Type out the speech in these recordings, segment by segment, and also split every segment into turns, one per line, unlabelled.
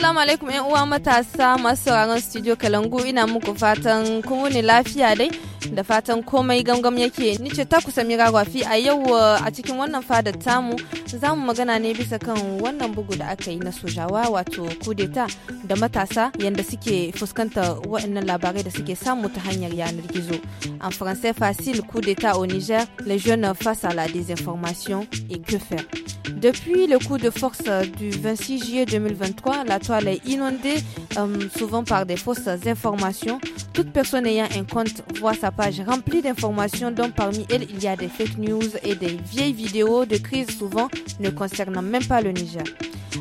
Assalamu alaikum 'yan uwa matasa masu sauraron studio Kalangu ina muku fatan kun wuni lafiya dai. da fatan komai gangam yake ni ce ta kusa mira gwafi a yau uh, a cikin wannan fadar tamu za mu magana ne bisa kan wannan bugu da aka yi na sojawa wato kudeta da matasa yadda suke fuskanta waɗannan labarai da suke samu ta hanyar yanar gizo en français facile coup d'état au niger les jeunes face à la désinformation et que faire Depuis le coup de force euh, du 26 juillet 2023, la toile est inondée euh, souvent par des fausses informations. Toute personne ayant un compte voit sa page remplie d'informations dont parmi elles il y a des fake news et des vieilles vidéos de crises souvent ne concernant même pas le Niger.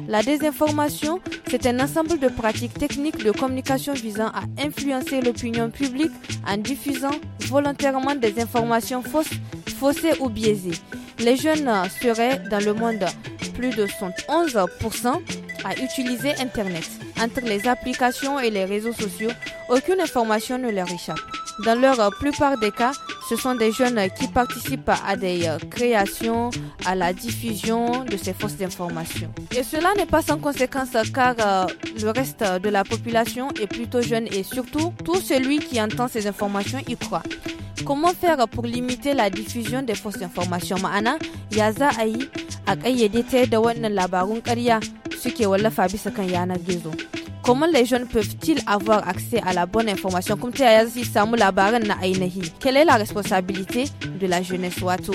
La désinformation, c'est un ensemble de pratiques techniques de communication visant à influencer l'opinion publique en diffusant volontairement des informations fausses, faussées ou biaisées. Les jeunes seraient dans le monde plus de 71% à utiliser Internet. Entre les applications et les réseaux sociaux, aucune information ne leur échappe. Dans leur plupart des cas, ce sont des jeunes qui participent à des euh, créations, à la diffusion de ces fausses informations. Et cela n'est pas sans conséquence car euh, le reste de la population est plutôt jeune et surtout tout celui qui entend ces informations y croit. Comment faire pour limiter la diffusion des fausses informations ma'ana Yaza a comment les jeunes peuvent-ils avoir accès à la bonne information comme quelle est la responsabilité de la jeunesse wato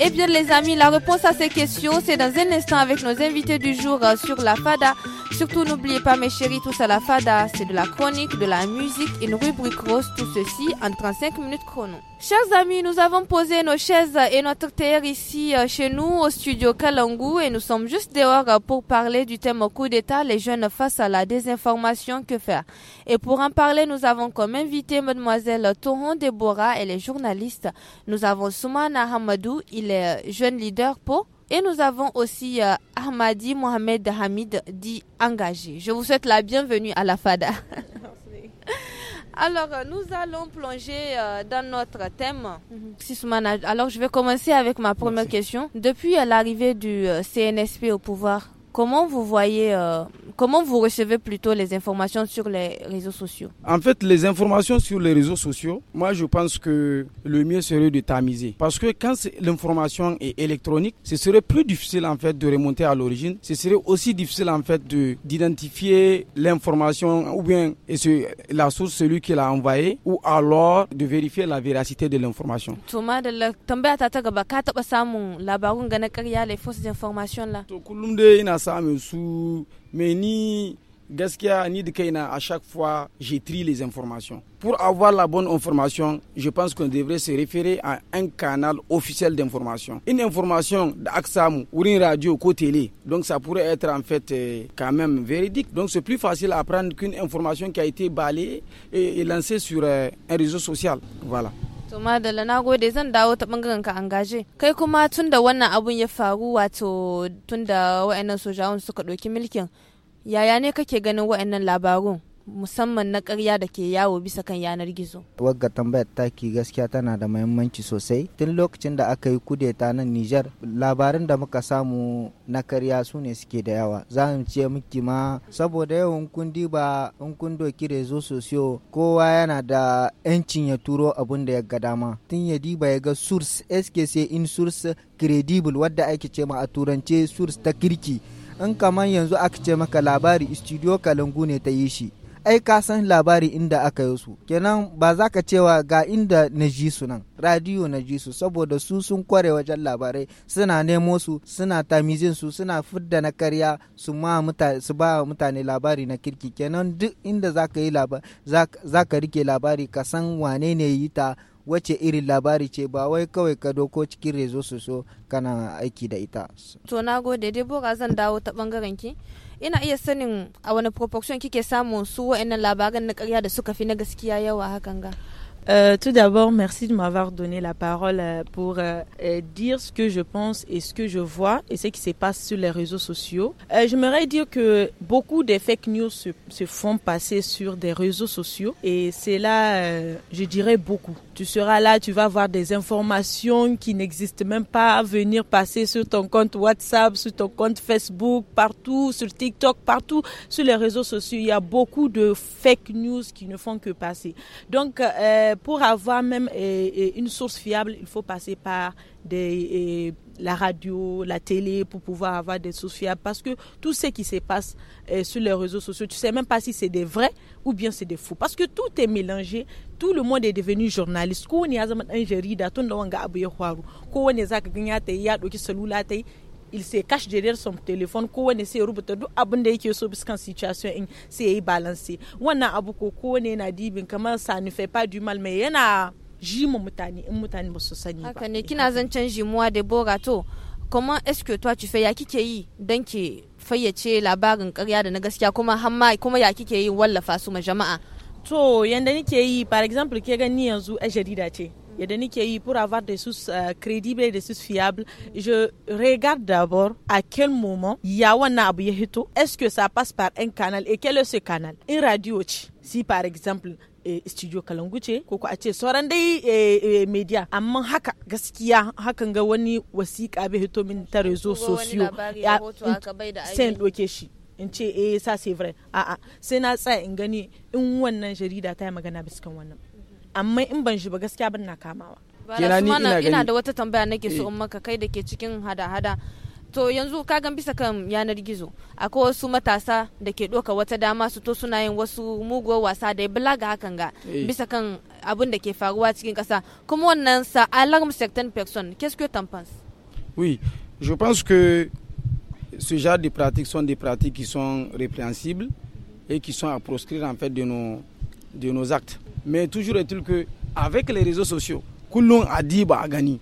Eh bien les amis, la réponse à ces questions, c'est dans un instant avec nos invités du jour euh, sur la FADA. Surtout, n'oubliez pas, mes chéris, tous à la fada, c'est de la chronique, de la musique, une rubrique rose, tout ceci en 35 minutes chrono. Chers amis, nous avons posé nos chaises et notre terre ici euh, chez nous au studio Kalangu et nous sommes juste dehors euh, pour parler du thème coup d'état, les jeunes face à la désinformation, que faire Et pour en parler, nous avons comme invité mademoiselle Toron Deborah, et les journalistes. Nous avons Soumana Hamadou, il est euh, jeune leader pour et nous avons aussi euh, Ahmadi Mohamed Hamid, dit engagé. Je vous souhaite la bienvenue à la FADA. Alors, euh, nous allons plonger euh, dans notre thème. Mhm. Alors, je vais commencer avec ma première question. Depuis l'arrivée du CNSP au pouvoir, Comment vous voyez, euh, comment vous recevez plutôt les informations sur les réseaux sociaux
En fait, les informations sur les réseaux sociaux, moi je pense que le mieux serait de tamiser. Parce que quand l'information est électronique, ce serait plus difficile en fait de remonter à l'origine. Ce serait aussi difficile en fait d'identifier l'information ou bien et la source, celui qui l'a envoyé, ou alors de vérifier la véracité de l'information.
les fausses informations
samu su meni ni gaskiya ni a chaque fois j'ai les informations pour avoir la bonne information je pense qu'on devrait se référer à un canal officiel d'information une information d'Axam ou une radio ko télé donc ça pourrait être en fait euh, quand même véridique donc c'est plus facile à prendre qu'une information qui a été balayée et lancée sur euh, un réseau social voilà
To madalla na gode zan dawo ta bangaren ka angaje. Kai kuma tun da wannan abun ya faru wato tun da wa'annan sojawan suka ɗauki mulkin yaya ne kake ganin wa'annan labarun? musamman na karya da ke yawo bisa kan yanar gizo.
Wagga tambayar taki gaskiya tana da mahimmanci sosai. Tun lokacin da aka yi kudeta nan Nijar, labarin da muka samu na karya su ne suke da yawa. Za mu ce miki ma saboda yawan kun diba in kun doki rezo sosiyo kowa yana da 'yancin ya turo abun da ya ga dama. Tun ya diba ya ga source SKC in source credible wadda ake ce ma a turance source ta kirki. in kamar yanzu aka ce maka labari studio kalangu ne ta yi shi ai ka san labari inda aka yi su kenan ba za ka cewa ga inda na ji su nan radiyo na ji su saboda su sun kware wajen labarai suna nemo su suna tamizin su suna fidda na karya su ma su ba mutane labari na kirki kenan duk inda za ka yi za ka rike labari ka san wane ne yi ta wace irin labari ce ba wai kawai ka doko cikin rezo su so kana aiki da ita
to na gode dai zan dawo ta bangaren ki ina iya sanin a wani proportion kike samun su wa'annan labaran na karya da suka fi na gaskiya yawa hakan ga
Euh, tout d'abord, merci de m'avoir donné la parole euh, pour euh, euh, dire ce que je pense et ce que je vois et ce qui se passe sur les réseaux sociaux. Euh, J'aimerais dire que beaucoup des fake news se, font passer sur des réseaux sociaux et c'est là, je dirais, beaucoup. Tu seras là, tu vas voir des informations qui n'existent même pas, venir passer sur ton compte WhatsApp, sur ton compte Facebook, partout, sur TikTok, partout, sur les réseaux sociaux. Il y a beaucoup de fake news qui ne font que passer. Donc, euh, pour avoir même euh, euh, une source fiable, il faut passer par des, euh, la radio, la télé, pour pouvoir avoir des sources fiables. Parce que tout ce qui se passe sur les réseaux sociaux, tu ne sais même pas si c'est des vrais ou bien c'est des faux. Parce que tout est mélangé, tout le monde est devenu journaliste il se cache derrière son téléphone kowane sai rubuta duk abin da yake so biskan situation in sai yayi balance wannan abu ko kowane yana dibin kamar sa fait pas du mal
mais yana mu mutane in mutane ba su sani ba haka ne kina zancen muwa da boga to comment est-ce que toi tu fais ya kike yi dan ke fayyace labarin ƙarya da na gaskiya kuma hamma kuma ya kike yi wallafa su ma jama'a to yanda nike yi for example ke
gani yanzu a jarida ce pour avoir des sources euh, crédibles et des sources fiables, je regarde d'abord à quel moment Yawana Abuyehito, est-ce que ça passe par un canal et quel est ce canal Une radio. Si par exemple eh, studio kalanguce ko ko a ce sauran dai eh, eh, media amma haka gaskiya hakan ga wani wasiƙa bai hito min sociaux. rezo sosiyo sai in c'est vrai Ah ah. na tsaya in gani in wannan jarida ta yi magana amma in ban shi ba gaskiya ban na kamawa kenan ina da wata
tambaya nake so eh. in maka kai dake cikin hada-hada to yanzu ka gan bisa kan yanar gizo akwai wasu matasa da ke ɗoka wata dama su to suna yin wasu muguwar wasa da ya hakan ga eh. bisa kan abin da ke faruwa cikin kasa kuma wannan sa alarm certain person qu'est-ce que t'en penses
oui je pense que ce genre de pratiques sont des pratiques qui sont répréhensibles et qui sont à proscrire en fait de nos de nos actes mais toujours est-il que avec les réseaux sociaux, kullum adiba agani.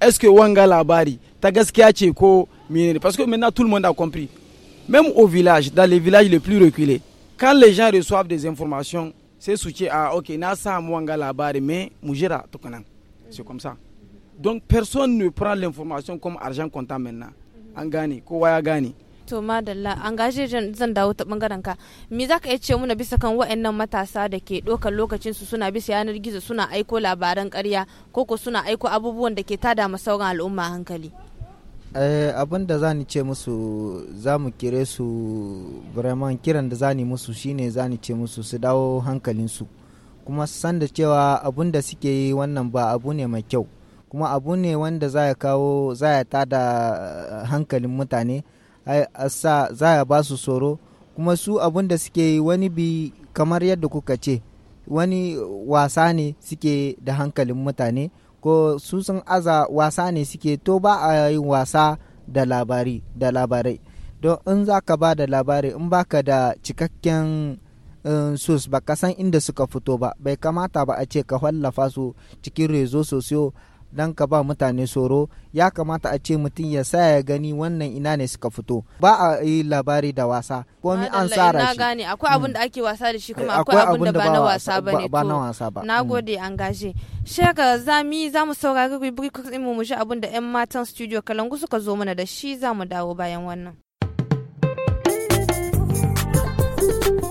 Est-ce que wanga labari est ce ko parce que maintenant tout le monde a compris. Même au village, dans les villages les plus reculés, quand les gens reçoivent des informations, c'est soutien à OK, na sa wanga labari mais mujira gagné ». C'est comme ça. Donc personne ne prend l'information comme argent comptant maintenant. Angani, ko gani.
to madalla an gaje zan dawo ta bangaren ka me zaka iya ce muna bisa kan waɗannan matasa da ke ɗaukar lokacin su suna bisa yanar gizo suna aiko labaran karya ko ko suna aiko abubuwan da ke tada ma sauran al'umma hankali
eh, abin da za ni ce musu za mu kire su vraiment kiran da za ni musu shine za ni ce musu su dawo hankalinsu kuma san da cewa abun da suke yi wannan ba abu ne mai kyau kuma abu ne wanda za ya kawo za ya tada hankalin mutane sa za a ba su tsoro kuma su abun da suke wani bi kamar yadda kuka ce wani wasa ne suke da hankalin mutane ko su sun aza wasa ne suke to ba a yi wasa da labari da labarai don in za ka ba da labari in baka da cikakken eh, sus ba ka san inda suka fito ba bai kamata ba a ce ka wallafa su cikin rezo sosai. don ka ba mutane tsoro ya kamata a ce mutum ya sa ya gani wannan ina ne suka fito ba a yi labari da wasa komi an tsara shi gane
akwai abin mm. da ake wasa da shi kuma eh, akwai abin da ba na wasa ba ne ba na wasa ba na mm. gode an gaje shaka zami za mu saurari rubrikus mu mu ji abin da 'yan matan studio kalangu suka zo mana da shi za mu dawo bayan wannan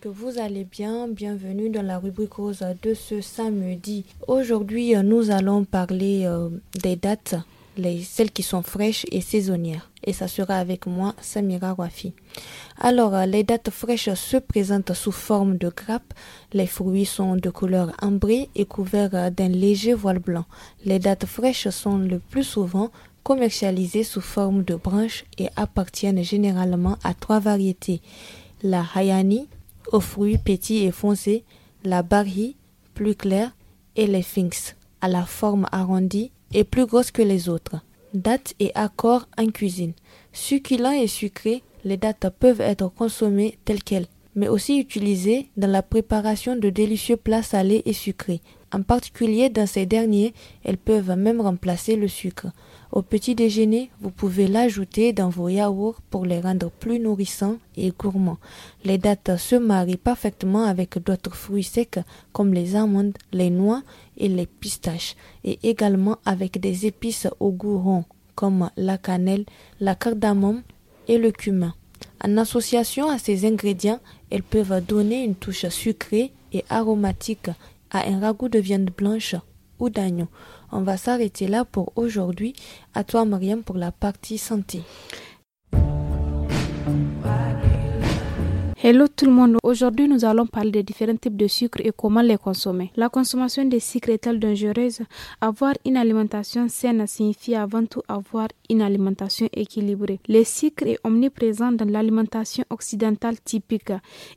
que vous allez bien. Bienvenue dans la rubrique rose de ce samedi. Aujourd'hui, euh, nous allons parler euh, des dates, les, celles qui sont fraîches et saisonnières. Et ça sera avec moi, Samira Wafi. Alors, euh, les dates fraîches se présentent sous forme de grappes. Les fruits sont de couleur ambrée et couverts d'un léger voile blanc. Les dates fraîches sont le plus souvent commercialisées sous forme de branches et appartiennent généralement à trois variétés la Hayani, aux fruits petits et foncés, la barhi plus claire et les sphinx à la forme arrondie et plus grosse que les autres. Dates et accord en cuisine. Succulents et sucrés, les dates peuvent être consommées telles quelles, mais aussi utilisées dans la préparation de délicieux plats salés et sucrés. En particulier dans ces derniers, elles peuvent même remplacer le sucre. Au petit déjeuner, vous pouvez l'ajouter dans vos yaourts pour les rendre plus nourrissants et gourmands. Les dattes se marient parfaitement avec d'autres fruits secs comme les amandes, les noix et les pistaches, et également avec des épices au goût rond comme la cannelle, la cardamome et le cumin. En association à ces ingrédients, elles peuvent donner une touche sucrée et aromatique à un ragoût de viande blanche ou d'agneau. On va s'arrêter là pour aujourd'hui. À toi, Mariam, pour la partie santé. Hello
tout le monde, aujourd'hui nous allons parler des différents types de sucre et comment les consommer. La consommation des sucres est-elle dangereuse Avoir une alimentation saine signifie avant tout avoir une alimentation équilibrée. Le sucre est omniprésent dans l'alimentation occidentale typique.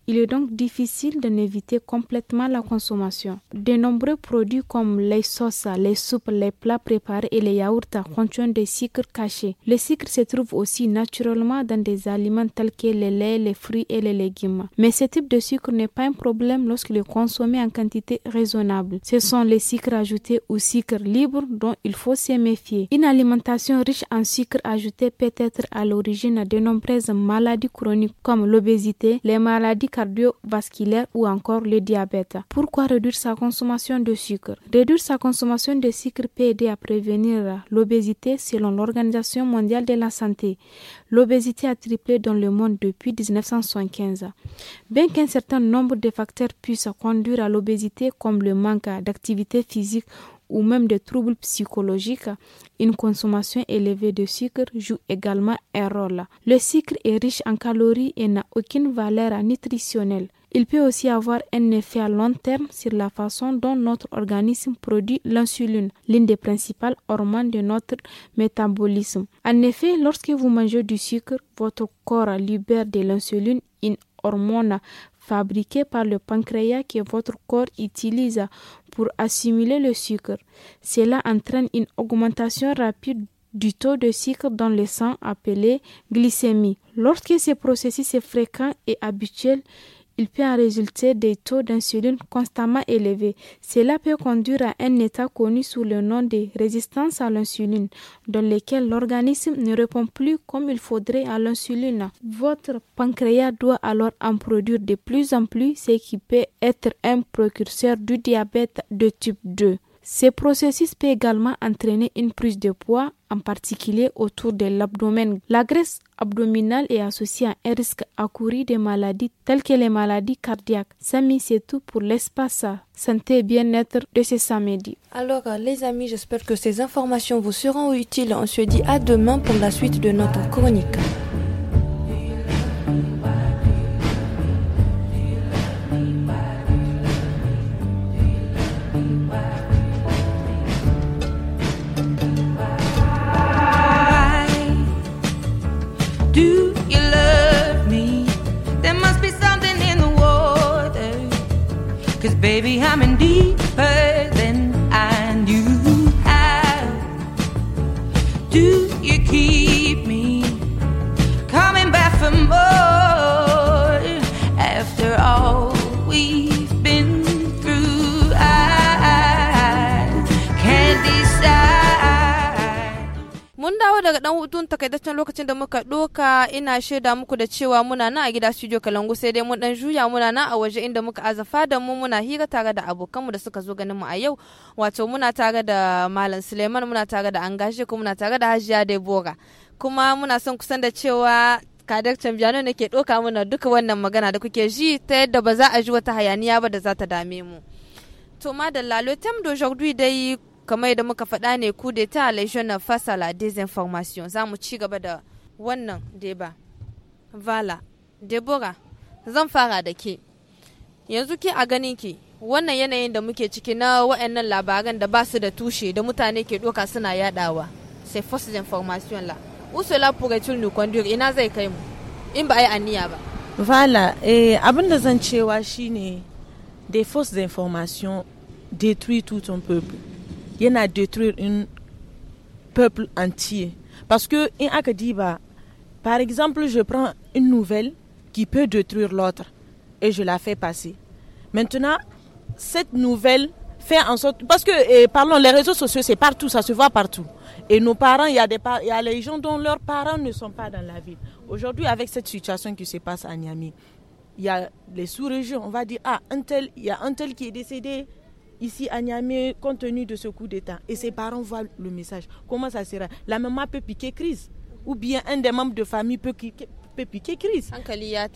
Il est donc difficile d'en éviter complètement la consommation. De nombreux produits comme les sauces, les soupes, les plats préparés et les yaourts contiennent des sucres cachés. Le sucre se trouve aussi naturellement dans des aliments tels que le lait, les fruits et les légumes mais ce type de sucre n'est pas un problème lorsqu'il est consommé en quantité raisonnable. Ce sont les sucres ajoutés ou sucres libres dont il faut se méfier. Une alimentation riche en sucres ajoutés peut être à l'origine de nombreuses maladies chroniques comme l'obésité, les maladies cardiovasculaires ou encore le diabète. Pourquoi réduire sa consommation de sucre Réduire sa consommation de sucre peut aider à prévenir l'obésité selon l'Organisation mondiale de la santé l'obésité a triplé dans le monde depuis 1975. Bien qu'un certain nombre de facteurs puissent conduire à l'obésité, comme le manque d'activité physique ou même des troubles psychologiques, une consommation élevée de sucre joue également un rôle. Le sucre est riche en calories et n'a aucune valeur nutritionnelle. Il peut aussi avoir un effet à long terme sur la façon dont notre organisme produit l'insuline, l'une des principales hormones de notre métabolisme. En effet, lorsque vous mangez du sucre, votre corps libère de l'insuline, une hormone fabriquée par le pancréas que votre corps utilise pour assimiler le sucre. Cela entraîne une augmentation rapide du taux de sucre dans le sang appelé glycémie. Lorsque ce processus est fréquent et habituel, il peut en résulter des taux d'insuline constamment élevés. Cela peut conduire à un état connu sous le nom de résistance à l'insuline, dans lequel l'organisme ne répond plus comme il faudrait à l'insuline. Votre pancréas doit alors en produire de plus en plus, ce qui peut être un précurseur du diabète de type 2. Ce processus peut également entraîner une prise de poids, en particulier autour de l'abdomen. La graisse abdominale est associée à un risque accouru de maladies telles que les maladies cardiaques. Samy, c'est tout pour l'espace santé et bien-être de ce samedi.
Alors, euh, les amis, j'espère que ces informations vous seront utiles. On se dit à demain pour la suite de notre chronique. Baby, I'm in deep daga dan hutun takaitaccen lokacin da muka doka ina shaida muku da cewa muna na a gida studio Kalangu sai dai mun dan juya muna na a waje inda muka azafa da mu muna hira tare da abokanmu da suka zo ganin mu a yau wato muna tare da Malam Suleiman muna tare da Angashi kuma muna tare da Hajiya Debora kuma muna son kusan da cewa kadar Cambiano ne ke doka mana duka wannan magana da kuke ji ta yadda ba za a ji wata hayaniya ba da za ta dame mu. To madalla, le thème d'aujourd'hui dai kamar yadda muka faɗa ne coup d'etat les jeunes face à la désinformation za mu ci gaba da wannan deba vala debora zan fara da ke yanzu ke a ganin ki wannan yanayin da muke ciki na wa'annan labaran da ba su da tushe da mutane ke doka suna yadawa sai fausse information la usula pourrait-il nous conduire ina zai kai mu in ba a yi aniya ba
vala eh, abin da zan cewa shine des fausses informations détruit tout un peuple à détruire un peuple entier. Parce que, qui Akadiba, par exemple, je prends une nouvelle qui peut détruire l'autre et je la fais passer. Maintenant, cette nouvelle fait en sorte. Parce que, parlons, les réseaux sociaux, c'est partout, ça se voit partout. Et nos parents, il y, a des les gens dont leurs parents ne sont pas dans la ville. Aujourd'hui, avec cette situation qui se passe à Niamey, il y a les sous-régions, on va dire, ah, un tel, il y a un tel qui est décédé, ici à Niamey compte tenu de ce coup d'État et ses parents voient le message, comment ça sera La maman peut piquer crise ou bien un des membres de famille peut piquer, crise.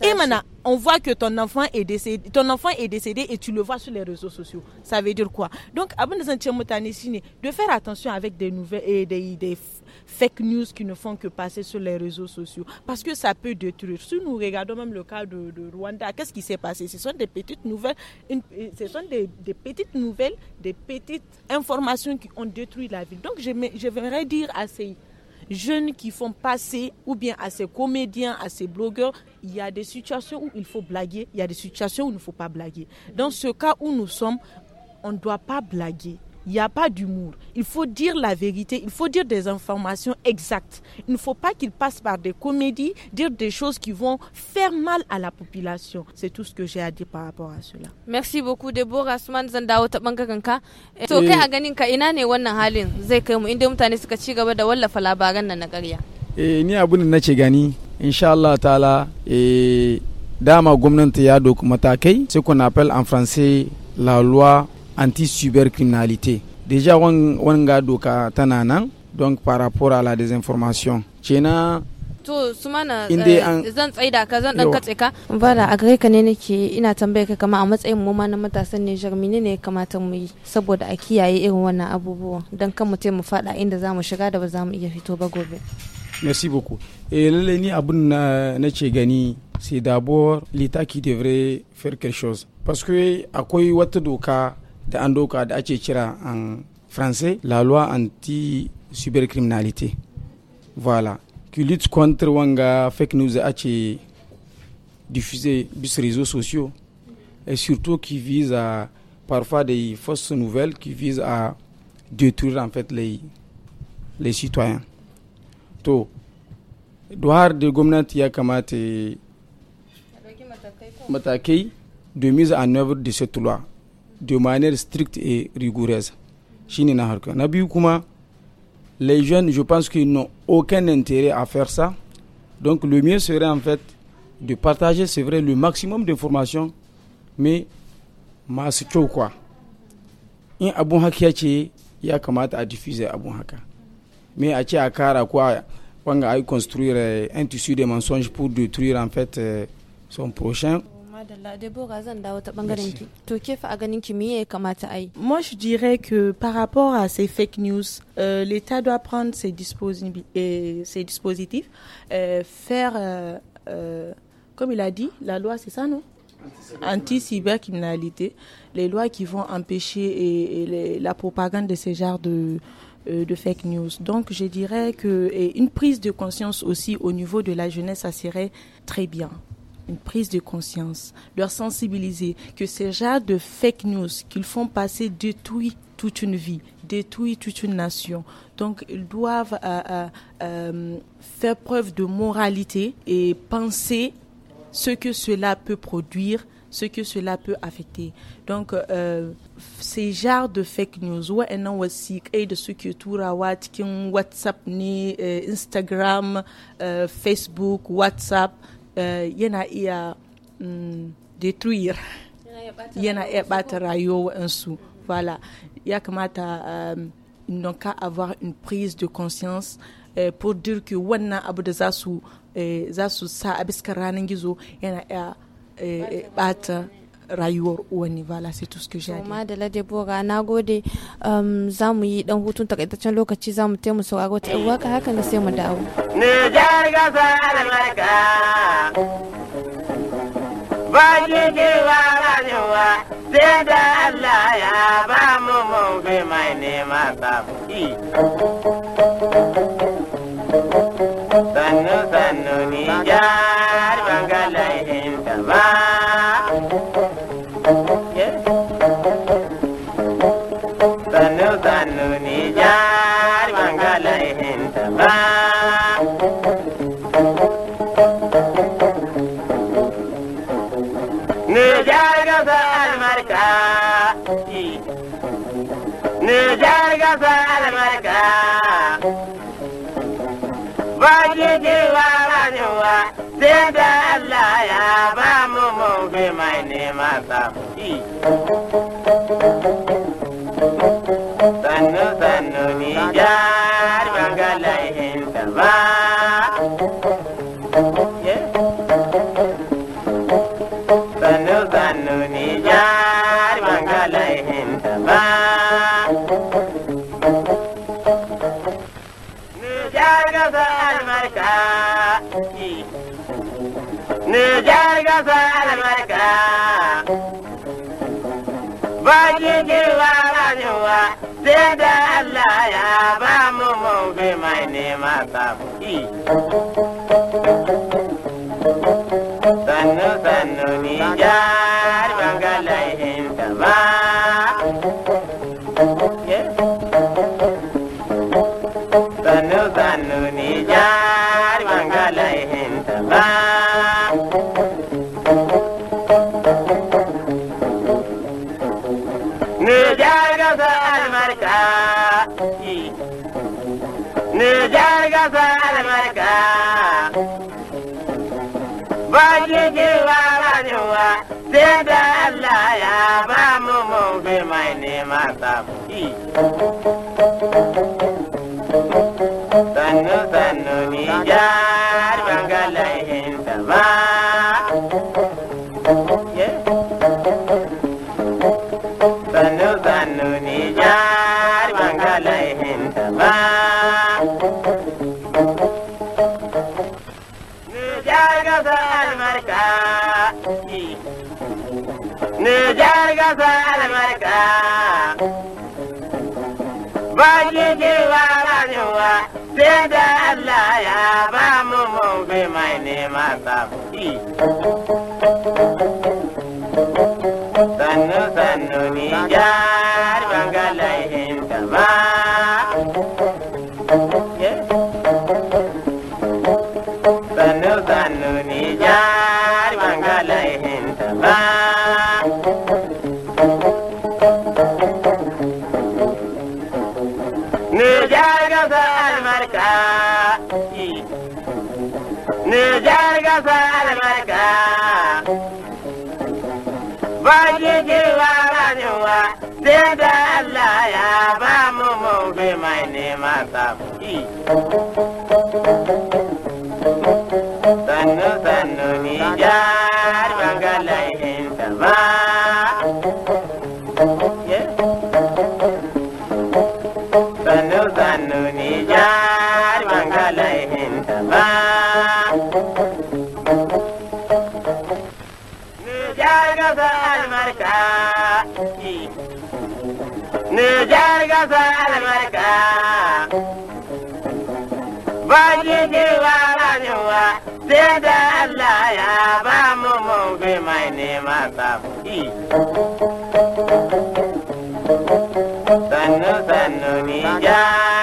Et maintenant, on voit que ton enfant est décédé, ton enfant est décédé et tu le vois sur les réseaux sociaux. Ça veut dire quoi Donc, de faire attention avec des nouvelles et des, des fake news qui ne font que passer sur les réseaux sociaux. Parce que ça peut détruire. Si nous regardons même le cas de, Rwanda, qu'est-ce qui s'est passé Ce sont des petites nouvelles, une, euh, ce des, petites nouvelles, des petites informations qui ont détruit la ville. Donc je, je voudrais dire à ces jeunes qui font passer, ou bien à ces comédiens, à ces blogueurs, il y a des situations où il faut blaguer, il y a des situations où il ne faut pas blaguer. Dans ce cas où nous sommes, on ne doit pas blaguer il n'y a pas d'humour. Il faut dire la vérité, il faut dire des informations exactes. Il ne faut pas qu'ils passent par des comédies, dire des choses qui vont faire mal à la population. C'est tout ce que j'ai à dire par rapport à cela.
Merci beaucoup Deborah Asman zan dawo ta bangaren ka. Eh, to eh. kai a ganin ka ina ne wannan halin zai kai mu inda mutane suka ci gaba da wallafa labaran nan na ƙarya.
Eh ni abin da nace gani insha Allah ta'ala eh dama gwamnati ya doku matakai sai qu'on appelle en français la loi anti-cybercriminalité. Déjà, wanga doka tana nan, donc par rapport à la désinformation. cena.
to sumana eh, zan tsaida ka zan dan katse ka
bala a gare ka ne
nake ina tambaye ka kama a matsayin mu ma na matasan Niger mene ne ya kamata mu yi saboda a kiyaye irin wannan abubuwa dan kan mu mu fada inda zamu shiga da ba za mu iya fito ba gobe
merci beaucoup et eh, lalle ni abun na nace gani c'est d'abord l'état qui devrait faire quelque chose parce que akwai wata doka De an doka en français la loi anti cybercriminalité voilà qui lutte contre wanga que nous ache diffusé sur réseaux sociaux et surtout qui vise à parfois des fausses nouvelles qui visent à détruire en fait les les citoyens to doar de gwamnati ya de mise en œuvre de cette loi de manière stricte et rigoureuse. les jeunes, je pense qu'ils n'ont aucun intérêt à faire ça. Donc le mieux serait en fait de partager, c'est vrai, le maximum d'informations, mais masu c'est quoi. In abun haka ya ya kamata a diffuser abun haka. Mais a y a kara quoi on a construire euh, un tissu de mensonges pour détruire en fait euh, son prochain. Moi,
je dirais que
par rapport à ces fake news, euh, l'État doit prendre ses, euh, dispositifs, euh, faire, comme il a dit, la loi, c'est ça, non Anti-cybercriminalité, les lois qui vont empêcher la propagande de ces genres de, fake news. Donc je dirais que une prise de conscience aussi au niveau de la jeunesse, ça serait très bien une prise de conscience, leur sensibiliser que ces genres de fake news qu'ils font passer détruit toute une vie, détruit toute une nation. Donc ils doivent euh, euh, euh, faire preuve de moralité et penser ce que cela peut produire, ce que cela peut affecter. Donc ces genres de fake news wa'annan wasu de à qui qui ont WhatsApp ni Instagram, Facebook, WhatsApp. Eh, yana iya a mm, yana iya bata en wa'ansu voilà ya kamata n'ont qu'à avoir une prise de conscience eh, pour dire que wanna abu da za zasu eh, sa a biskar gizo yana rayuwar uwani vala sai tuske suke amma da
lade boga na gode um, za mu yi dan hutun takaitaccen lokaci za mu taimu sauraro wata ɗan waka hakan da sai mu dawo.
ne Nijar gasa albarka ba ji ji wa rayuwa sai da Allah ya ba mu mu bi mai nema babu. Sannu sannu ni Nijar. Nijar gasa albarka ba jiki wa ranewa sai da Allah ya ba mu mafi mai nema samuki. Sannu sannu Nijar. da Allah ya ba mu mu mai nema samu nada. Ih. abin da Allah ya ba mu mun bi mai neman samu. adam i sannu sannu Tân jar Tân in ba sannu sannu ni jar bangalai in ba ni jar ga almarka Ni Nijar gasa albarka ba jiki ba ranewa sai da Allah ya ba mu mafi mai nema safi. Sannu sannu Nijar.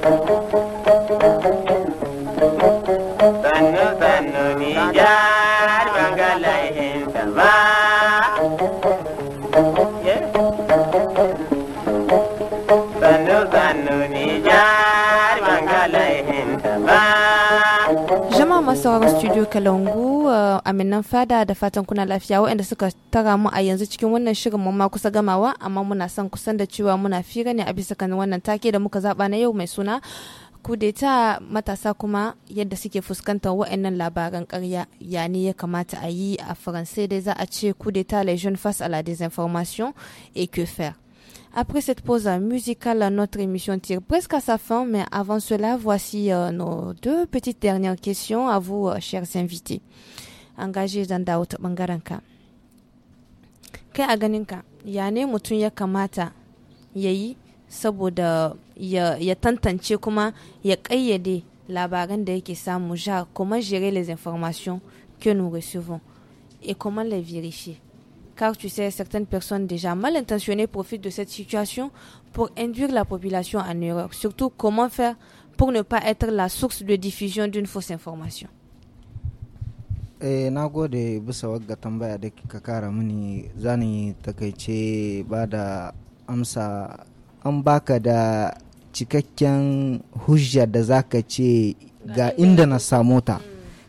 Sannu sannu Nijar bangalaihin sama. Sannu sannu Nijar bangalaihin sama. جماعة صاروا استوديو
كالونجو aminan fada da fatan kuna lafiya waɗanda suka tara mu a yanzu cikin wannan shirin mu ma kusa gamawa amma muna son kusan da cewa muna fira ne a bisa kan wannan take da muka zaba na yau mai suna kudeta matasa kuma yadda suke fuskantar wa'annan labaran ƙarya ya ne ya kamata a yi a faransai dai za a ce kudeta les jeunes face à la désinformation et que faire Après cette pause musicale, notre émission tire presque à sa fin, mais avant cela, voici euh, nos deux petites dernières questions à vous, euh, chers invités engagé dans zan dawo ta bangaren ka kai a kamata Yayi saboda ya, ya tantance kuma ya labaran da yake samu Comment gérer les informations que nous recevons et comment les vérifier car tu sais, certaines personnes déjà mal intentionnées profitent de cette situation pour induire la population en erreur. Surtout, comment faire pour ne pas être la source de diffusion d'une fausse information
eh na gode bisa wagga tambaya da kika kara mini zani takaice ba da amsa an baka da cikakken hujja da zaka ce ga inda na samu ta mm.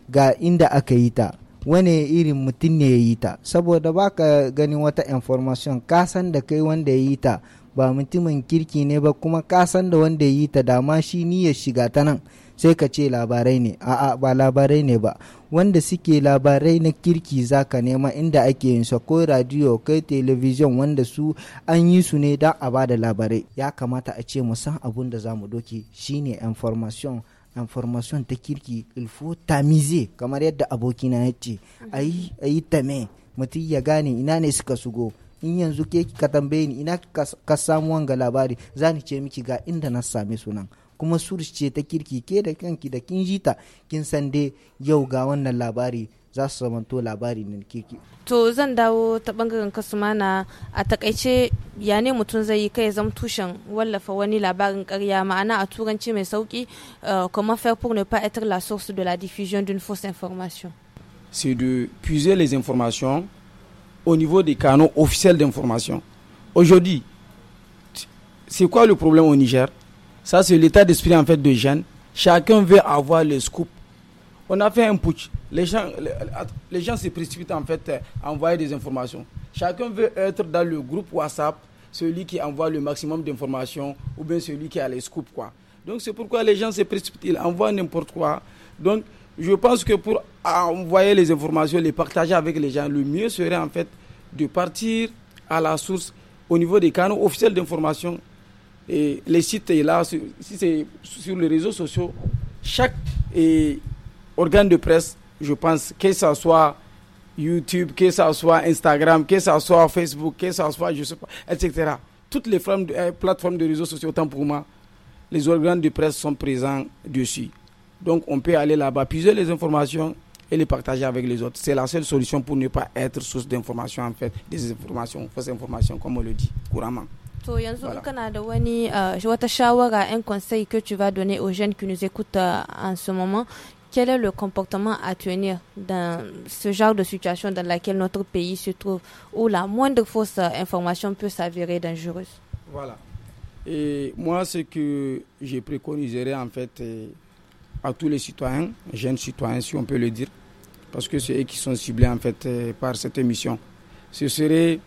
ga inda aka yi ta wane irin mutum ne ya yi ta saboda baka gani wata information ka san da kai wanda ya yi ta ba mutumin kirki ne ba kuma ka san da wanda ya yi ta dama shi ni ya shiga ta nan sai ka ce labarai ne a'a ba labarai ne ba wanda suke labarai na kirki za ka nema inda ake yin sa ko radio kai television wanda su an yi su ne don a bada labarai ya kamata a ce mu san abun da za mu doki shine information information ta kirki ilfo tamize kamar yadda abokina ya ce a yi tame mutum ya gane ina ne suka shigo in yanzu ke ka tambaye ni ina ka samu wanga labari za ni ce miki ga inda na same sunan kuma surs ce ta kirki ke da kanki da kin ji ta kin san dai yau ga wannan labari za su zamanto labari nan kirki
to zan dawo ta bangaren kasumana a takaice ya ne mutum zai yi kai zam tushen wallafa wani labarin karya ma'ana a turanci mai sauki kuma euh, faire pour ne pas la source de la diffusion d'une fausse information
c'est de puiser les informations au niveau des canaux officiels d'information. Aujourd'hui, c'est quoi le problème au Niger Ça, c'est l'état d'esprit en fait de jeunes. Chacun veut avoir le scoop. On a fait un putsch. Les gens, les gens se précipitent en fait à envoyer des informations. Chacun veut être dans le groupe WhatsApp, celui qui envoie le maximum d'informations ou bien celui qui a les scoops. Quoi. Donc c'est pourquoi les gens se précipitent, ils envoient n'importe quoi. Donc je pense que pour envoyer les informations, les partager avec les gens, le mieux serait en fait de partir à la source au niveau des canaux officiels d'information. Et les sites, et là, si c'est sur les réseaux sociaux, chaque organe de presse, je pense, que ce soit YouTube, que ce soit Instagram, que ce soit Facebook, que ce soit, je sais pas, etc. Toutes les euh, plateformes de réseaux sociaux, autant pour moi, les organes de presse sont présents dessus. Donc on peut aller là-bas, puiser les informations et les partager avec les autres. C'est la seule solution pour ne pas être source d'informations, en fait, des informations, fausses informations, comme on le dit couramment. To yanzu
kana da wani euh, un conseil que tu vas donner aux jeunes qui nous écoutent euh, en ce moment quel est le comportement à tenir dans ce genre de situation dans laquelle notre pays se trouve, où la moindre fausse euh, information peut s'avérer dangereuse
Voilà. Et moi, ce que je préconiserais, en fait, à tous les citoyens, jeunes citoyens si on peut le dire, parce que c'est eux qui sont ciblés en fait euh, par cette émission. Ce serait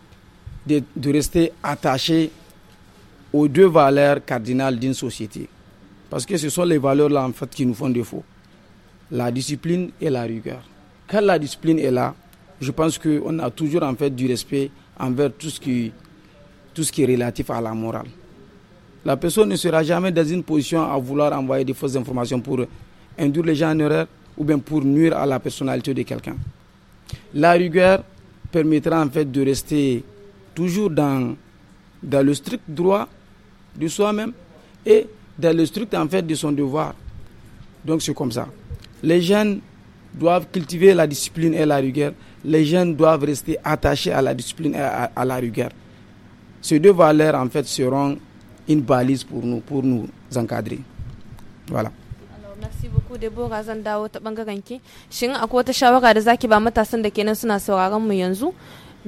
de, rester attaché aux deux valeurs cardinales d'une société. Parce que ce sont les valeurs-là en fait qui nous font défaut. La discipline et la rigueur. Quand la discipline est là, je pense qu'on a toujours en fait du respect envers tout ce qui est relatif à la morale. La personne ne sera jamais dans une position à vouloir envoyer des fausses informations pour induire les gens en erreur ou bien pour nuire à la personnalité de quelqu'un. La rigueur permettra en fait de rester toujours dans, dans le strict droit de soi-même et dans le strict en fait de son devoir. Donc c'est comme ça. Les jeunes doivent cultiver la discipline et la rigueur. Les jeunes doivent rester attachés à la discipline et à, à la rigueur. Ces deux valeurs en fait seront une balise pour nous, pour nous encadrer. Voilà.
merci beaucoup Deborah zan dawo ta bangaren ki shin akwai wata shawara da zaki ba matasan da kenan suna sauraron mu yanzu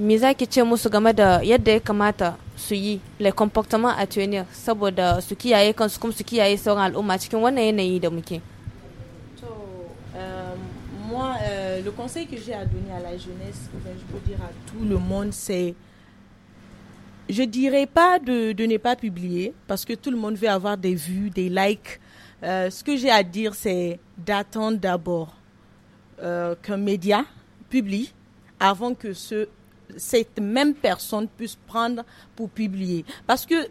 me zaki ce musu game da yadda ya kamata su yi le comportement à tenir saboda su kiyaye kansu kuma su kiyaye sauran al'umma cikin wannan yanayi da muke
to euh, moi euh, le conseil que j'ai à donner à la jeunesse ben, je peux dire à tout le monde c'est je dirais pas de, de ne pas publier parce que tout le monde veut avoir des vues, des likes. Euh, ce que j'ai à dire, c'est d'attendre d'abord euh, qu'un média publie avant que ce, cette même personne puisse prendre pour publier. Parce que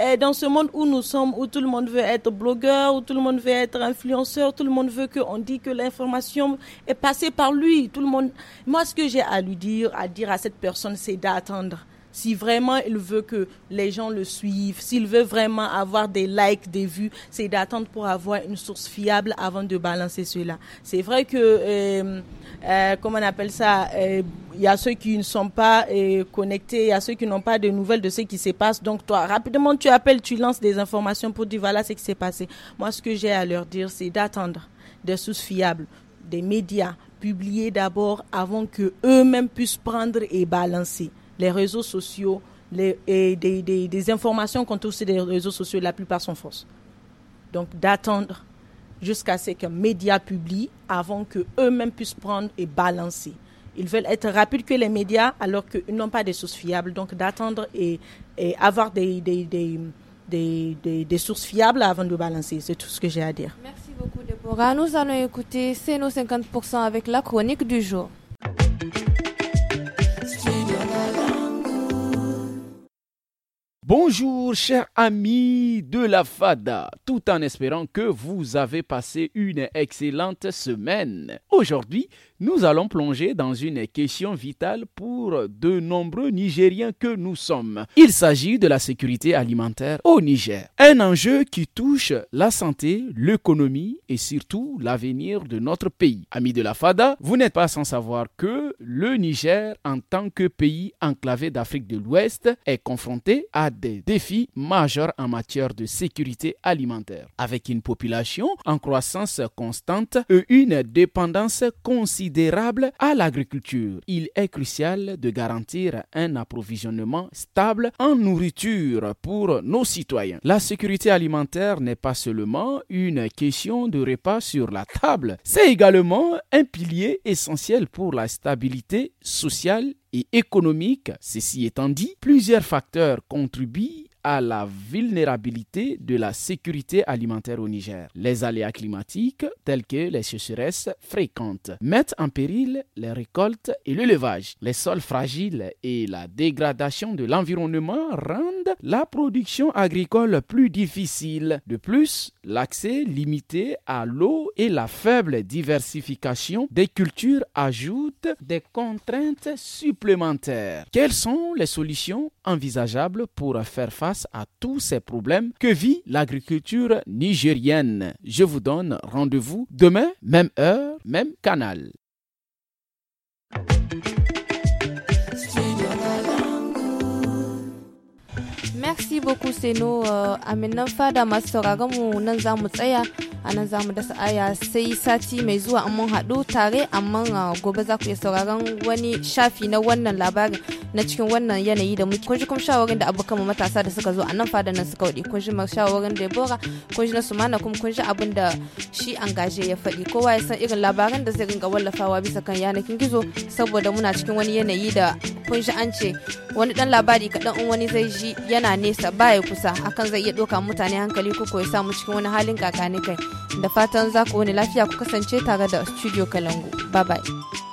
eh, dans ce monde où nous sommes, où tout le monde veut être blogueur, où tout le monde veut être influenceur, tout le monde veut qu'on dise que l'information est passée par lui. Tout le monde. Moi, ce que j'ai à lui dire, à dire à cette personne, c'est d'attendre si vraiment il veut que les gens le suivent, s'il veut vraiment avoir des likes, des vues, c'est d'attendre pour avoir une source fiable avant de balancer cela. C'est vrai que, euh, euh, comment on appelle ça, euh, il y a ceux qui ne sont pas connectés, il y a ceux qui n'ont pas de nouvelles de ce qui se passe. Donc toi, rapidement, tu appelles, tu lances des informations pour dire voilà ce qui s'est passé. Moi, ce que j'ai à leur dire, c'est d'attendre des sources fiables, des médias, publiés d'abord avant que eux-mêmes puissent prendre et balancer les réseaux sociaux et des, des, informations qu'on trouve sur les réseaux sociaux, la plupart sont fausses. Donc d'attendre jusqu'à ce qu'un média publie avant qu'eux-mêmes puissent prendre et balancer. Ils veulent être rapides que les médias alors qu'ils n'ont pas des sources fiables. Donc d'attendre et, et, avoir des, des, des, des, sources fiables
avant de balancer.
C'est tout ce que j'ai à dire.
Merci beaucoup Déborah. Nous allons écouter CNO nos 50% avec la chronique du jour.
Bonjour chers amis de la FADA, tout en espérant que vous avez passé une excellente semaine. Aujourd'hui, nous allons plonger dans une question vitale pour de nombreux Nigériens que nous sommes. Il s'agit de la sécurité alimentaire au Niger. Un enjeu qui touche la santé, l'économie et surtout l'avenir de notre pays. Amis de la FADA, vous n'êtes pas sans savoir que le Niger, en tant que pays enclavé d'Afrique de l'Ouest, est confronté à des défis majeurs en matière de sécurité alimentaire, avec une population en croissance constante et une dépendance considérable à l'agriculture. Il est crucial de garantir un approvisionnement stable en nourriture pour nos citoyens. La sécurité alimentaire n'est pas seulement une question de repas sur la table, c'est également un pilier essentiel pour la stabilité sociale et économique. Ceci étant dit, plusieurs facteurs contribuent à la vulnérabilité de la sécurité alimentaire au Niger. Les aléas climatiques, tels que les sécheresses fréquentes, mettent en péril les récoltes et l'élevage. Les sols fragiles et la dégradation de l'environnement rendent la production agricole plus difficile. De plus, l'accès limité à l'eau et la faible diversification des cultures ajoutent des contraintes supplémentaires. Quelles sont les solutions envisageables pour faire face à tous ces problèmes que vit l'agriculture nigérienne. Je vous donne rendez-vous demain, même heure, même canal.
Merci beaucoup, c'est euh, nous a nan za mu dasa aya sai sati mai zuwa an mun haɗu tare amma ah, gobe za ku iya sauraron wani shafi na wannan labarin na cikin wannan yanayi da muke kun ji kuma shawarin da abokan matasa da suka zo a nan fada nan suka wuɗe kun ji shawarin Debora kun ji na Sumana kuma kun abin da shi an gaje ya faɗi kowa ya san irin labaran da zai ringa wallafawa bisa kan yanakin gizo saboda muna cikin wani yanayi da kun an ce wani dan labari kaɗan in wani zai ji yana nesa baya kusa akan zai iya ɗauka mutane hankali ko ya samu cikin wani halin kakani kai da fatan za ku wani lafiya ku kasance tare da studio kalangu bye bye